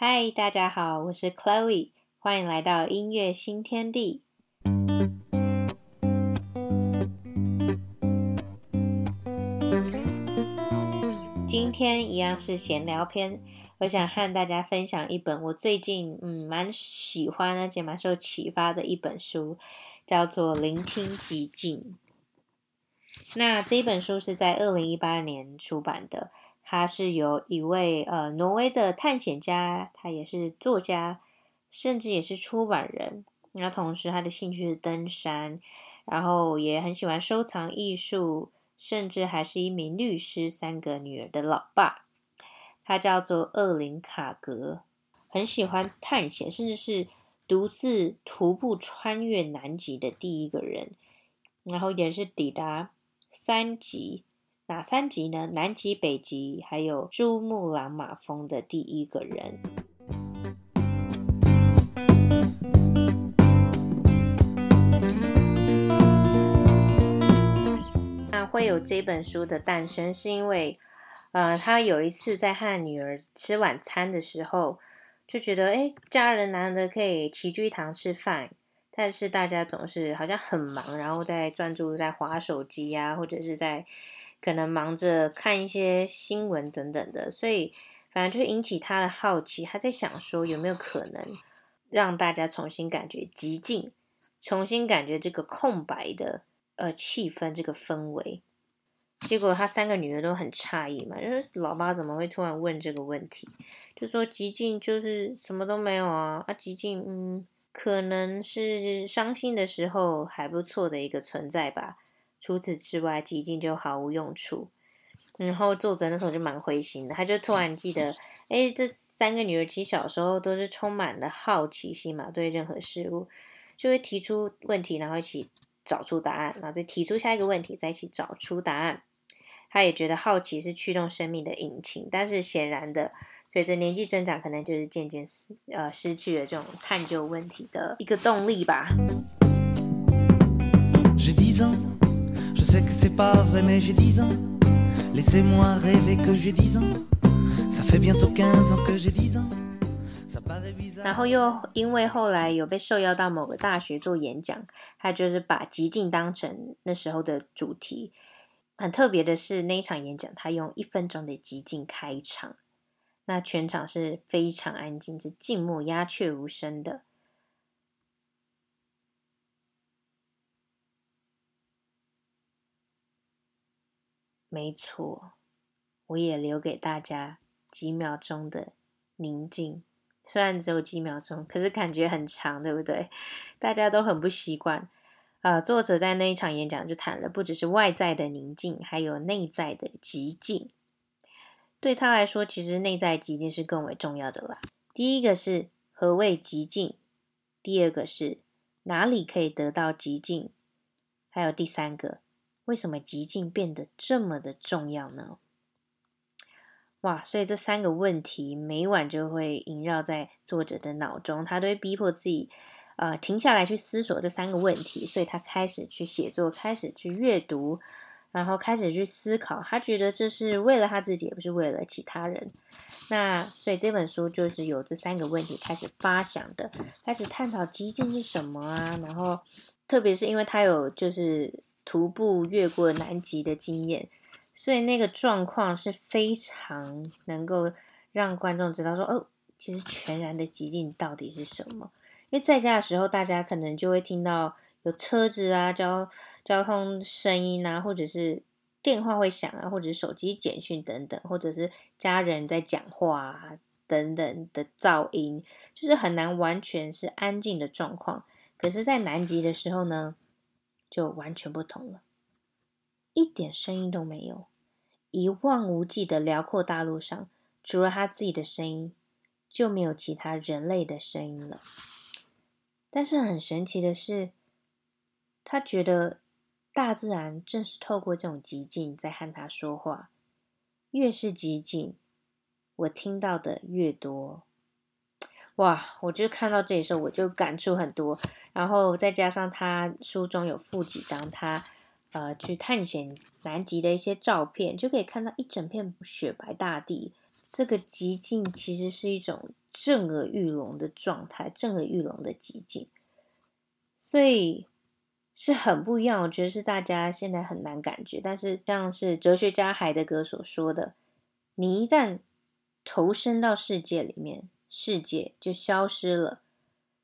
嗨，Hi, 大家好，我是 Chloe，歡迎來到音樂新天地。今天一樣是閒聊篇，我想和大家分享一本我最近嗯蠻喜歡的，而且蠻受啟發的一本書，叫做《聆聽寂靜》。那這本書是在二零一八年出版的。他是有一位呃挪威的探險家，他也是作家，甚至也是出版人。那同時，他的興趣是登山，然後也很喜歡收藏藝術，甚至還是一名律師。三個女兒的老爸，他叫做厄林卡格，很喜歡探險，甚至是獨自徒步穿越南極的第一個人，然後也是抵達三極。哪三極呢？南極、北極，還有珠穆朗瑪峰的第一個人。那、啊、會有這本書的誕生，是因為、呃，他有一次在和女兒吃晚餐的時候，就覺得，哎、欸，家人難得可以齊聚一堂吃飯，但是大家總是好像很忙，然後在專注在滑手機啊，或者是在。可能忙着看一些新聞等等的，所以反正就引起他的好奇，他在想說有沒有可能讓大家重新感覺寂靜，重新感覺這個空白的呃氣氛這個氛圍。結果他三個女兒都很詫異嘛，就是老媽怎麼會突然問這個問題？就說寂靜就是什麼都沒有啊，啊寂靜嗯可能是傷心的時候還不錯的一個存在吧。除此之外，寂靜就毫無用處。然後作者那時候就蠻灰心的，他就突然記得，哎，這三個女兒其實小時候都是充滿了好奇心嘛，對任何事物就會提出問題，然後一起找出答案，然後再提出下一個問題，再一起找出答案。他也覺得好奇是驅動生命的引擎，但是顯然的，隨着年紀增長，可能就是漸漸失呃失去了這種探究問題的一個動力吧。然後又因為後來有被受邀到某個大學做演講，他就是把寂靜當成那時候的主題。很特別的是那一場演講，他用一分鐘的寂靜開場，那全場是非常安靜，這靜默、鴉雀無聲的。沒錯，我也留給大家幾秒鐘的寧靜。雖然只有幾秒鐘，可是感覺很長，對不對？大家都很不習慣。啊、呃，作者在那一場演講就談了，不只是外在的寧靜，還有內在的寂靜。對他來說，其實內在寂靜是更為重要的啦。第一個是何謂寂靜，第二個是哪裡可以得到寂靜，還有第三個。為什麼寂靜變得這麼的重要呢？哇！所以這三個問題每晚就會縈繞在作者的腦中，他都會逼迫自己，呃，停下來去思索這三個問題。所以他開始去寫作，開始去閱讀，然後開始去思考。他覺得這是為了他自己，也不是為了其他人。那所以這本書就是有這三個問題開始發想的，開始探討寂靜是什麼啊？然後特別是因為他有就是。徒步越過南極的經驗，所以那個狀況是非常能夠讓觀眾知道說：“哦，其實全然的寂靜到底是什麼？”因為在家的時候，大家可能就會聽到有車子啊、交交通聲音啊，或者是電話會響啊，或者是手機簡訊等等，或者是家人在講話、啊、等等的噪音，就是很難完全是安靜的狀況。可是，在南極的時候呢，就完全不同了，一點聲音都沒有。一望無際的遼闊大陸上，除了他自己的聲音，就沒有其他人類的聲音了。但是很神奇的是，他覺得大自然正是透過這種寂靜在和他說話。越是寂靜，我聽到的越多。哇！我就看到這裡時候，我就感觸很多。然後再加上他書中有附幾張他，呃，去探險南極的一些照片，就可以看到一整片雪白大地。這個寂靜其實是一種震耳欲聾的狀態，震耳欲聾的寂靜。所以是很不一樣。我覺得是大家現在很難感覺，但是像是哲學家海德格所說的，你一旦投身到世界裡面。世界就消失了。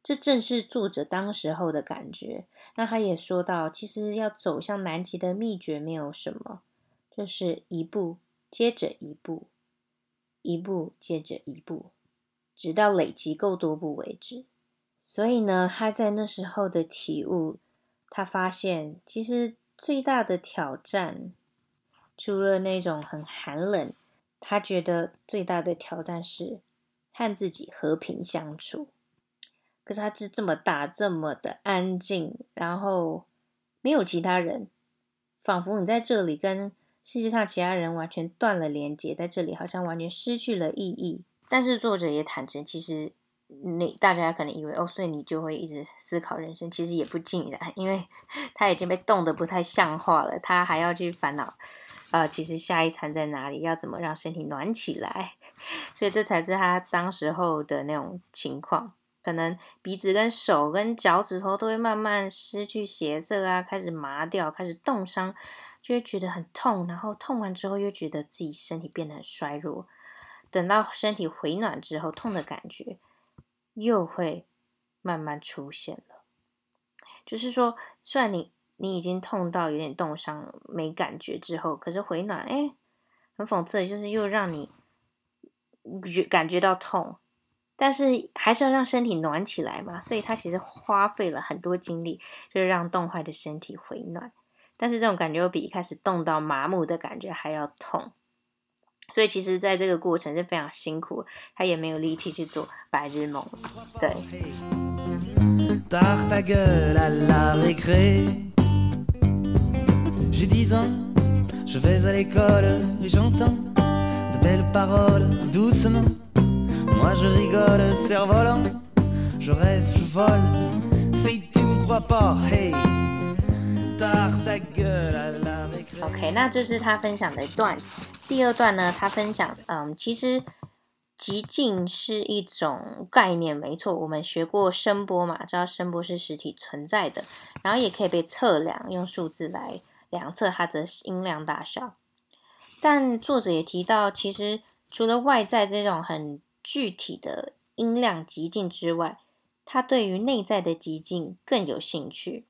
這正是作者當時候的感覺。那他也說到，其實要走向南極的秘訣沒有什麼，就是一步接着一步，一步接着一步，直到累積夠多步為止。所以呢，他在那時候的體悟，他發現其實最大的挑戰，除了那種很寒冷，他覺得最大的挑戰是，和自己和平相處，可是他是這麼大，這麼的安靜，然後沒有其他人，仿佛你在這裡跟世界上其他人完全斷了連接，在這裡好像完全失去了意義。但是作者也坦誠，其實你大家可能以為哦，所以你就會一直思考人生，其實也不盡然，因為他已經被凍得不太像話了，他還要去煩惱，呃，其實下一餐在哪裡，要怎麼讓身體暖起來。所以這才是他當時候的那種情況，可能鼻子跟手跟腳趾頭都會慢慢失去血色啊，開始麻掉，開始凍傷，就會覺得很痛。然後痛完之後又覺得自己身體變得很衰弱。等到身體回暖之後，痛的感覺又會慢慢出現了。就是說，雖然你你已經痛到有點凍傷，沒感覺之後，可是回暖，誒，很諷刺的就是又讓你。感覺到痛，但是還是要讓身體暖起來嘛，所以他其實花費了很多精力，就是讓凍壞的身體回暖。但是這種感覺又比一開始凍到麻木的感覺還要痛，所以其實在這個過程是非常辛苦，他也沒有力氣去做白日夢，對。 OK，那這是他分享的一段。第二段呢，他分享，嗯，其實寂靜是一種概念，沒錯，我們學過聲波嘛，知道聲波是實體存在的，然後也可以被測量，用數字來量測它的音量大小。但作者也提到，其實除了外在這種很具體的音量寂靜之外，他對於內在的寂靜更有興趣。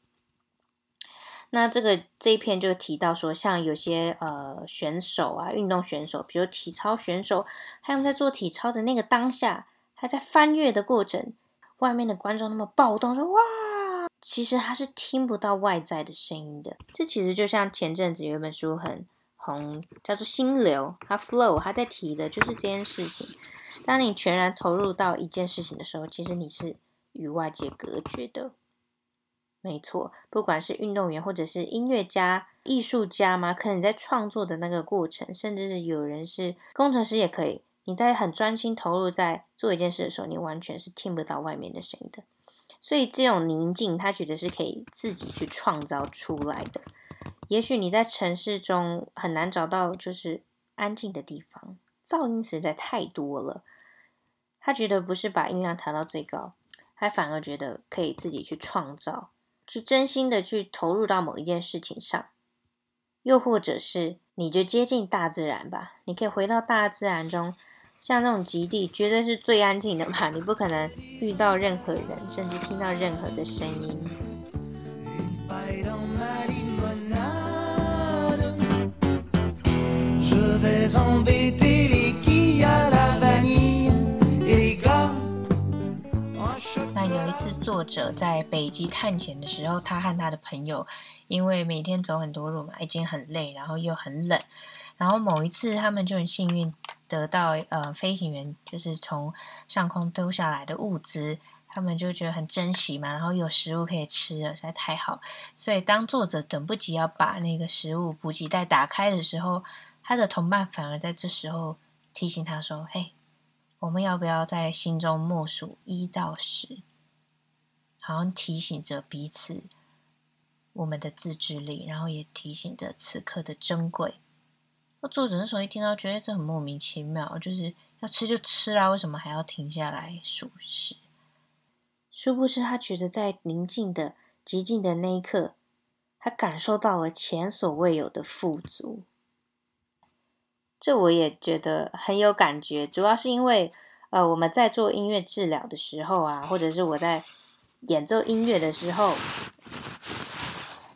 那這個這一篇就提到說，像有些呃選手啊，運動選手，比如體操選手，他們在做體操的那個當下，他在翻越的過程，外面的觀眾那麼暴動說哇，其實他是聽不到外在的聲音的。這其實就像前陣子有一本書很。從叫做心流，他 flow，他在提的就是這件事情。當你全然投入到一件事情的時候，其實你是與外界隔絕的。沒錯，不管是運動員，或者是音樂家、藝術家嘛，可能你在創作的那個過程，甚至是有人是工程師也可以，你在很專心投入在做一件事的時候，你完全是聽不到外面的聲音的。所以這種寧靜，他覺得是可以自己去創造出來的。也許你在城市中很難找到就是安靜的地方。噪音實在太多了。他覺得不是把音量調到最高，他反而覺得可以自己去創造，去真心的去投入到某一件事情上。又或者是你就接近大自然吧，你可以回到大自然中，像那種極地絕對是最安靜的嘛，你不可能遇到任何人，甚至聽到任何的聲音。那有一次，作者在北極探險的時候，他和他的朋友因為每天走很多路嘛，已經很累，然後又很冷，然後某一次他們就很幸運得到呃飛行員就是從上空丟下來的物資，他們就覺得很珍惜嘛，然後有食物可以吃了，實在太好，所以當作者等不及要把那個食物補給袋打開的時候。他的同伴反而在這時候提醒他說：“嘿，我們要不要在心中默數一到十？”好像提醒着彼此我們的自制力，然後也提醒着此刻的珍貴。那作者那時候一聽到，覺得這很莫名其妙，就是要吃就吃啦，為什麼還要停下來數十？殊不知，他覺得在寧靜的極靜的那一刻，他感受到了前所未有的富足。這我也覺得很有感覺，主要是因為，呃，我們在做音樂治療的時候啊，或者是我在演奏音樂的時候，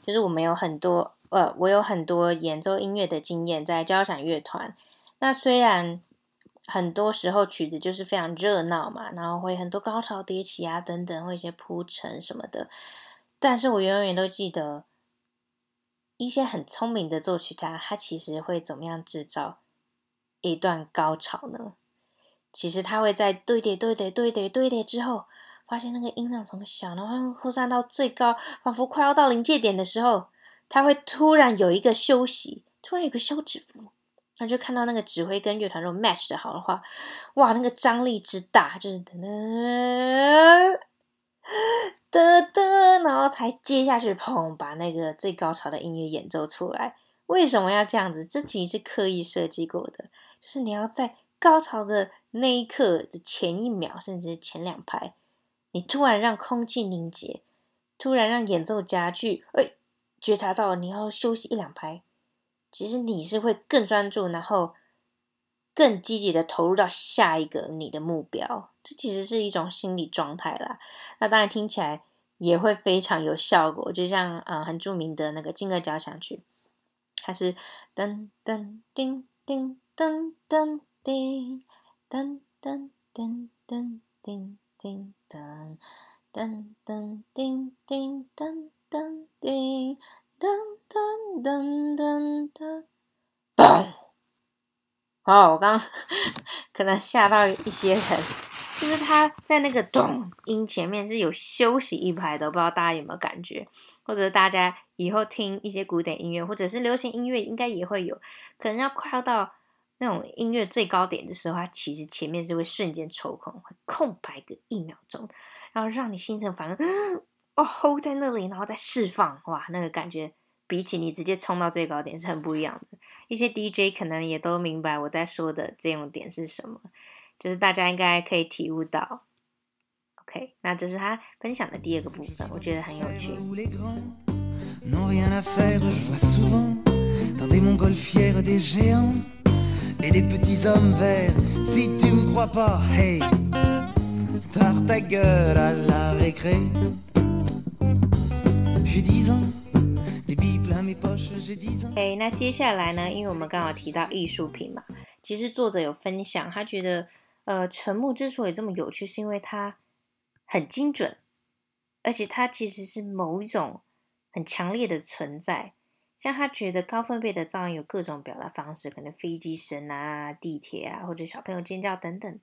就是我們有很多，呃，我有很多演奏音樂的經驗，在交響樂團。那雖然很多時候曲子就是非常熱鬧嘛，然後會很多高潮迭起啊，等等，會一些鋪陳什麼的，但是我永遠都記得一些很聰明的作曲家，他其實會怎麼樣製造一段高潮呢？其實他會在堆疊、堆疊、堆疊、堆疊之後，發現那個音量從小然後擴散到最高，仿佛快要到臨界點的時候，他會突然有一個休息，突然有個休止符，然後就看到那個指揮跟樂團若 match 的好的話，哇，那個張力之大，就是噔噔噔噔，然後才接下去，砰，把那個最高潮的音樂演奏出來。為什麼要這樣子？這其實是刻意設計過的。是你要在高潮的那一刻的前一秒，甚至前兩拍，你突然讓空氣凝結，突然讓演奏家具。誒、欸，覺察到你要休息一兩拍，其實你是會更專注，然後更積極的投入到下一個你的目標。這其實是一種心理狀態啦。那當然聽起來也會非常有效果，就像呃很著名的那個《驚愕交響曲》，它是噔噔叮叮。叮噔噔叮噔噔噔噔叮噔噔噔叮叮噔噔叮噔噔噔噔。哦，我剛剛可能嚇到一些人，就是他在那個咚音前面是有休息一拍的，不知道大家有沒有感覺？或者大家以後聽一些古典音樂或者是流行音樂，應該也會有可能要快要到。那種音樂最高點的時候，它其實前面是會瞬間抽空，會空白個一秒鐘，然後讓你心情反而哦吼在那裡，然後再釋放，哇，那個感覺比起你直接衝到最高點是很不一樣的。一些 DJ 可能也都明白我在說的這種點是什麼，就是大家應該可以體悟到。OK，那這是他分享的第二個部分，我覺得很有趣。 誒、 okay，那接下來呢？因為我們剛好提到藝術品嘛，其實作者有分享，他覺得呃，沉默之所以這麼有趣，是因為它很精準，而且它其實是某一種很強烈的存在。像他覺得高分貝的噪音有各種表達方式，可能飛機聲啊、地鐵啊，或者小朋友尖叫等等。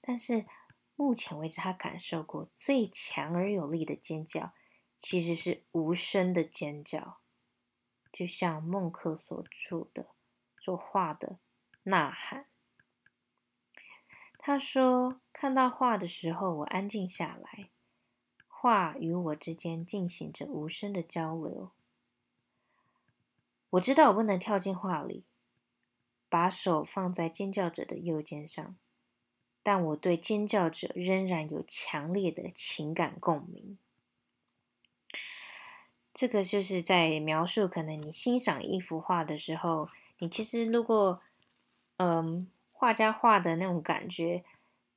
但是目前為止，他感受過最強而有力的尖叫，其實是無聲的尖叫。就像孟克所著的、作畫的《吶喊》，他說：“看到畫的時候，我安靜下來，畫與我之間進行着無聲的交流。”我知道我不能跳進畫裡，把手放在尖叫者的右肩上，但我對尖叫者仍然有強烈的情感共鳴。這個就是在描述，可能你欣賞一幅畫的時候，你其實如果，嗯、呃，畫家畫的那種感覺，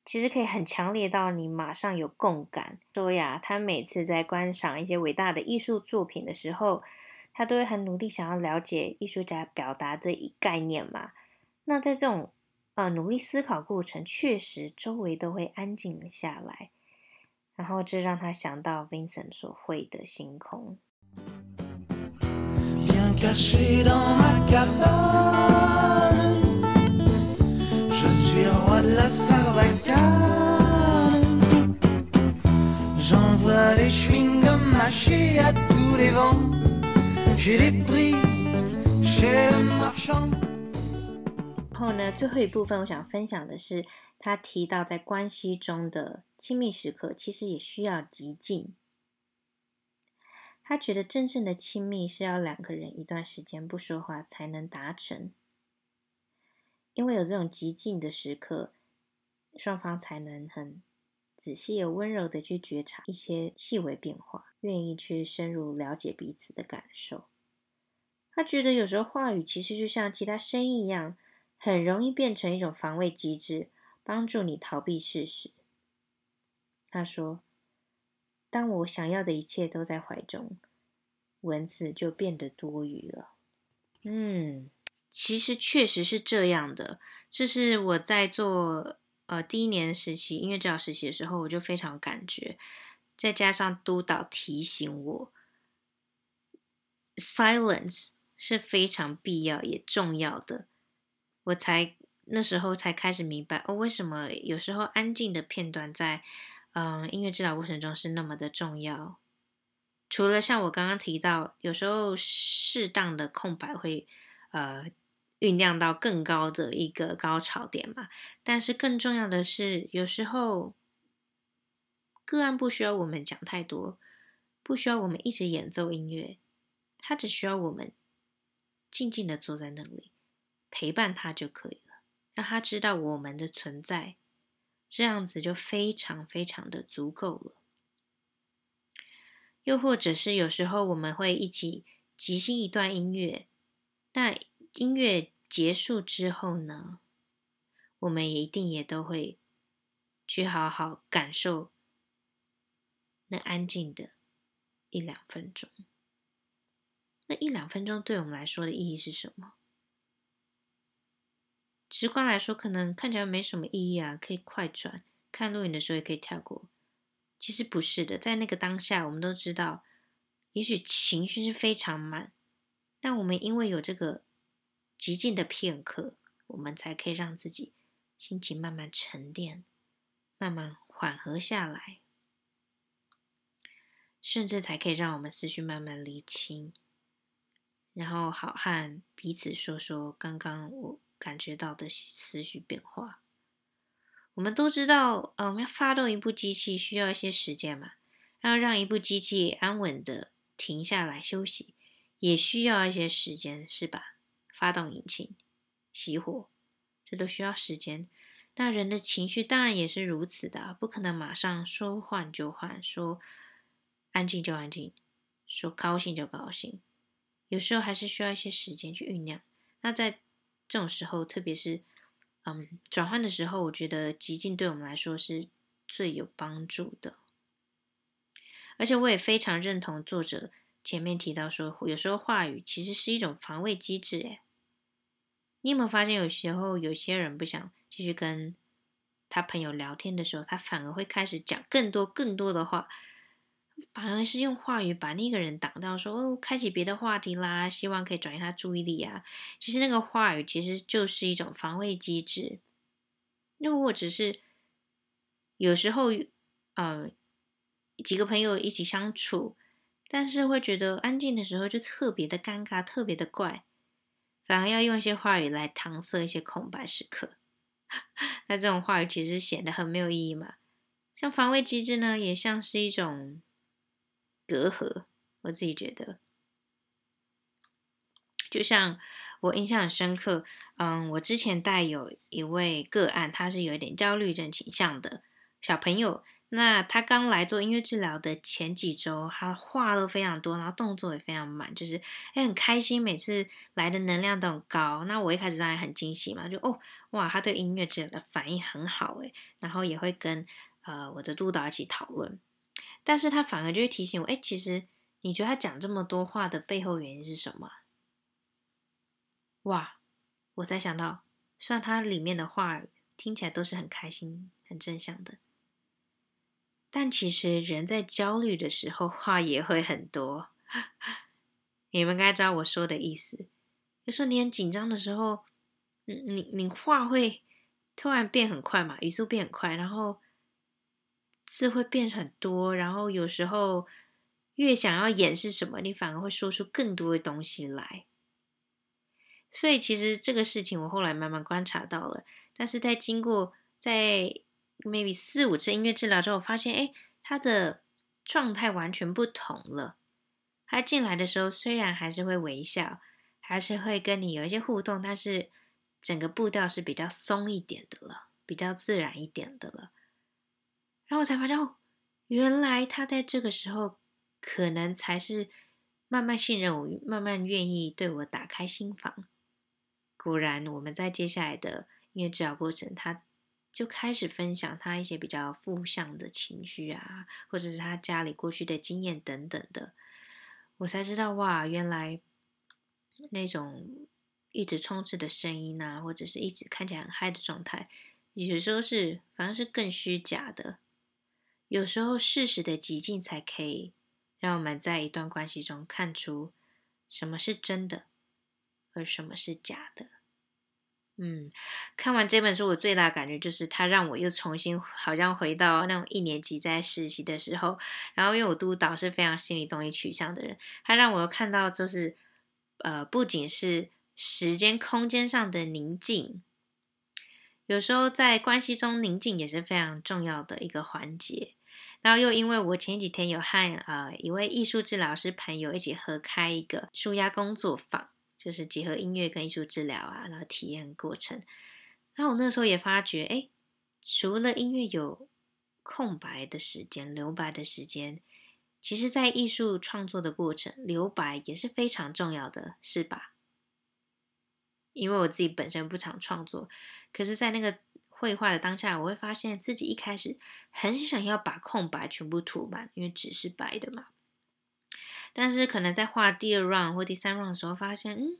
其實可以很強烈到你馬上有共感。說呀，他每次在觀賞一些偉大的藝術作品的時候，他都會很努力想要了解藝術家表達這一概念嘛。那在這種，呃，努力思考過程，確實周圍都會安靜下來，然後這讓他想到 Vincent 所繪的星空。 然後呢，最後一部分我想分享的是，他提到在關係中的親密時刻，其實也需要寂靜。他覺得真正的親密是要兩個人一段時間不說話才能達成，因為有這種寂靜的時刻，雙方才能很仔細、又溫柔的去覺察一些細微變化，願意去深入了解彼此的感受。他覺得有時候話語其實就像其他聲音一樣，很容易變成一種防衛機制，幫助你逃避事實。他說：“當我想要的一切都在懷中，文字就變得多餘了。”嗯，其實確實是這樣的。這、就是我在做呃第一年實習，音樂治療實習的時候，我就非常感覺，再加上督導提醒我，silence。是非常必要也重要的。我才那時候才開始明白哦，為什麼有時候安靜的片段在嗯音樂治療過程中是那麼的重要。除了像我剛剛提到，有時候適當的空白會呃醞釀到更高的一個高潮點嘛。但是更重要的是，有時候個案不需要我們講太多，不需要我們一直演奏音樂，它只需要我們。靜靜的坐在那裡，陪伴他就可以了，讓他知道我們的存在，這樣子就非常非常的足夠了。又或者是有時候我們會一起即興一段音樂，那音樂結束之後呢，我們也一定也都會去好好感受那安靜的一兩分鐘。那一兩分鐘對我們來說的意義是什麼？直觀來說，可能看起來沒什麼意義啊，可以快轉，看錄影的時候也可以跳過。其實不是的，在那個當下，我們都知道，也許情緒是非常慢，但我們因為有這個寂靜的片刻，我們才可以讓自己心情慢慢沉澱，慢慢緩和下來，甚至才可以讓我們思緒慢慢釐清。然後，好，和彼此說說剛剛我感覺到的思緒變化。我們都知道，呃，我們要發動一部機器需要一些時間嘛，然後讓一部機器安穩的停下來休息，也需要一些時間，是吧？發動引擎、熄火，這都需要時間。那人的情緒當然也是如此的，啊，不可能馬上說換就換，說安靜就安靜，說高興就高興。有時候還是需要一些時間去醞釀。那在這種時候，特別是嗯轉換的時候，我覺得寂靜對我們來說是最有幫助的。而且我也非常認同作者前面提到說，有時候話語其實是一種防衛機制。哎，你有沒有發現，有時候有些人不想繼續跟他朋友聊天的時候，他反而會開始講更多更多的話？反而是用話語把那個人擋到說，說哦，開啟別的話題啦，希望可以轉移他注意力啊。其實那個話語其實就是一種防衛機制。那如果只是有時候，嗯、呃，幾個朋友一起相處，但是會覺得安靜的時候就特別的尷尬，特別的怪，反而要用一些話語來搪塞一些空白時刻。那這種話語其實顯得很沒有意義嘛。像防衛機制呢，也像是一種。隔閡，我自己覺得，就像我印象很深刻，嗯，我之前帶有一位個案，他是有一點焦慮症傾向的小朋友。那他剛來做音樂治療的前幾週，他話都非常多，然後動作也非常慢，就是哎很開心，每次來的能量都很高。那我一開始當然很驚喜嘛，就哦哇，他對音樂治療的反應很好誒，然後也會跟呃我的督導一起討論。但是他反而就會提醒我，哎，其實你覺得他講這麼多話的背後原因是什麼啊？哇，我才想到，雖然他裡面的話聽起來都是很開心、很正向的，但其實人在焦慮的時候話也會很多。啊，你們應該知道我說的意思，有時候你很緊張的時候，你你話會突然變很快嘛，語速變很快，然後。字會變很多，然後有時候越想要掩飾什麼，你反而會說出更多的東西來。所以其實這個事情我後來慢慢觀察到了，但是在經過在 maybe 四五次音樂治療之後，發現哎，他的狀態完全不同了。他進來的時候雖然還是會微笑，還是會跟你有一些互動，但是整個步調是比較鬆一點的了，比較自然一點的了。然後我才發現，哦，原來他在這個時候可能才是慢慢信任我，慢慢願意對我打開心房。果然，我們在接下來的音樂治療過程，他就開始分享他一些比較負向的情緒啊，或者是他家裡過去的經驗等等的。我才知道，哇，原來那種一直充斥的聲音啊，或者是一直看起來很嗨的狀態，有時候是，是反而是更虛假的。有時候，適時的寂靜才可以讓我們在一段關係中看出什麼是真的，而什麼是假的。嗯，看完這本書，我最大的感覺就是，它讓我又重新好像回到那種一年級在實習的時候。然後，因為我督導是非常心理動力取向的人，他讓我又看到，就是呃，不僅是時間空間上的寧靜。有時候在關係中，寧靜也是非常重要的一個環節。然後又因為我前幾天有和呃一位藝術治療師朋友一起合開一個舒壓工作坊，就是結合音樂跟藝術治療啊，然後體驗過程。然後我那時候也發覺，哎，除了音樂有空白的時間、留白的時間，其實在藝術創作的過程，留白也是非常重要的，是吧？因為我自己本身不常創作，可是，在那個繪畫的當下，我會發現自己一開始很想要把空白全部塗滿，因為紙是白的嘛。但是，可能在畫第二 round 或第三 round 的時候，發現，嗯，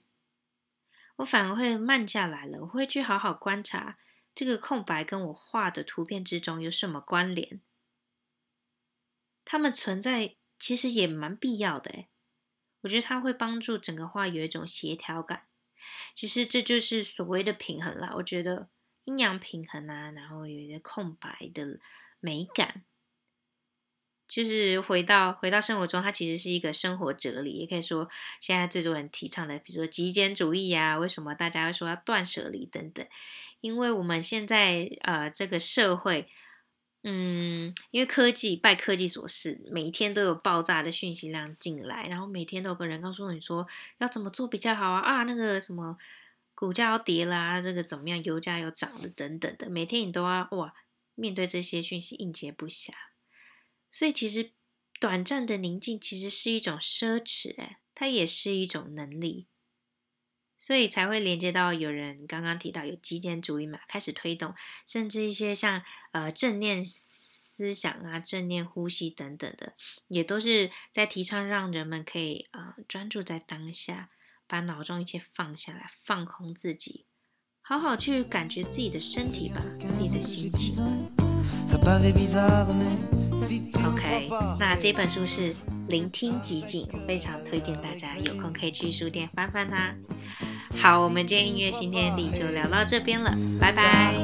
我反而會慢下來了。我會去好好觀察這個空白跟我畫的圖片之中有什麼關聯。它們存在其實也蠻必要的誒，我覺得它會幫助整個畫有一種協調感。其實這就是所謂的平衡啦，我覺得陰陽平衡啊，然後有一些空白的美感，就是回到回到生活中，它其實是一個生活哲理，也可以說現在最多人提倡的，比如說極簡主義啊，為什麼大家會說要斷舍離等等，因為我們現在呃這個社會。嗯，因為科技拜科技所賜，每一天都有爆炸的訊息量進來，然後每天都有個人告訴你說要怎麼做比較好啊啊，那個什麼股價要跌啦、啊，這個怎麼樣，油價又漲了等等的，每天你都要、啊、哇面對這些訊息應接不暇，所以其實短暫的寧靜其實是一種奢侈、欸，哎，它也是一種能力。所以才會連接到有人剛剛提到有極簡主義嘛，開始推動，甚至一些像呃正念思想啊、正念呼吸等等的，也都是在提倡讓人們可以呃專注在當下，把腦中一切放下來，放空自己，好好去感覺自己的身體吧，自己的心情。OK，那這本書是《聆聽寂靜》，非常推薦大家有空可以去書店翻翻它啊。好，我們今天音樂新天地就聊到這邊了，拜拜。